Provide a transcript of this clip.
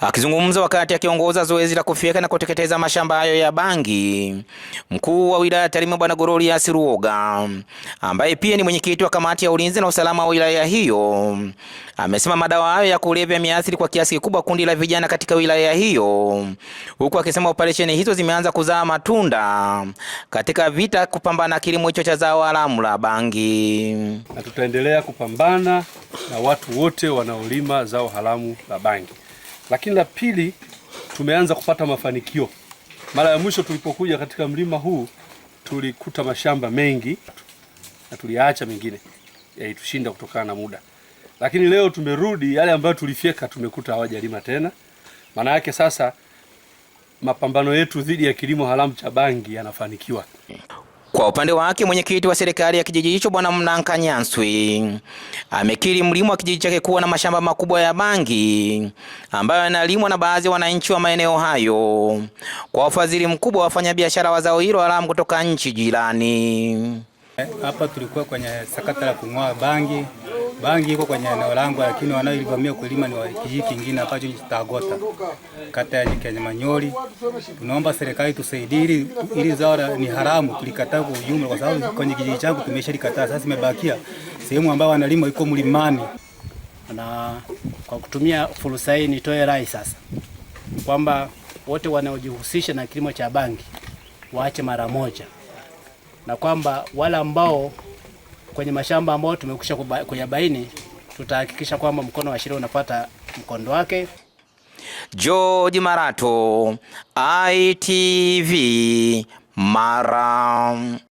Akizungumza wakati akiongoza zoezi la kufyeka na kuteketeza mashamba hayo ya bangi, mkuu wa wilaya Tarime Bwana Gorolias Ruoga, ambaye pia ni mwenyekiti wa kamati ya ulinzi na usalama wa wilaya hiyo, amesema madawa hayo ya kulevya yameathiri kwa kiasi kikubwa kundi la vijana katika wilaya hiyo, huku akisema operesheni hizo zimeanza kuzaa matunda katika vita kupambana na kilimo hicho cha zao haramu la bangi, na tutaendelea kupambana na watu wote wanaolima zao haramu la bangi. Lakini la pili, tumeanza kupata mafanikio. Mara ya mwisho tulipokuja katika mlima huu tulikuta mashamba mengi na tuliyaacha mengine, yaitushinda kutokana na muda. Lakini leo tumerudi, yale ambayo tulifyeka tumekuta hawajalima tena. Maana yake sasa mapambano yetu dhidi ya kilimo haramu cha bangi yanafanikiwa. Kwa upande wake mwenyekiti wa serikali ya kijiji hicho Bwana Mnanka Nyanswi amekiri mlimo wa kijiji chake kuwa na mashamba makubwa ya bangi ambayo yanalimwa na baadhi ya wananchi wa maeneo hayo kwa ufadhili mkubwa wa wafanyabiashara wa zao hilo haramu kutoka nchi jirani. Hapa tulikuwa kwenye sakata la kung'oa bangi bangi iko kwenye eneo langu, lakini wanaoivamia kulima ni kijiji kingine ambacho ni Tagota, kata ya Kenyamanyori. Tunaomba serikali tusaidie, ili zao ni haramu, tulikataa kwa ujumla, kwa sababu kwenye kijiji changu tumeshalikataa. Sasa imebakia sehemu ambayo wanalima iko mlimani, na kwa kutumia fursa hii nitoe rai sasa kwamba wote wanaojihusisha na kilimo cha bangi waache mara moja, na kwamba wale ambao kwenye mashamba ambayo tumekwisha kuyabaini, tutahakikisha kwamba mkono wa sheria unapata mkondo wake. George Marato, ITV Mara.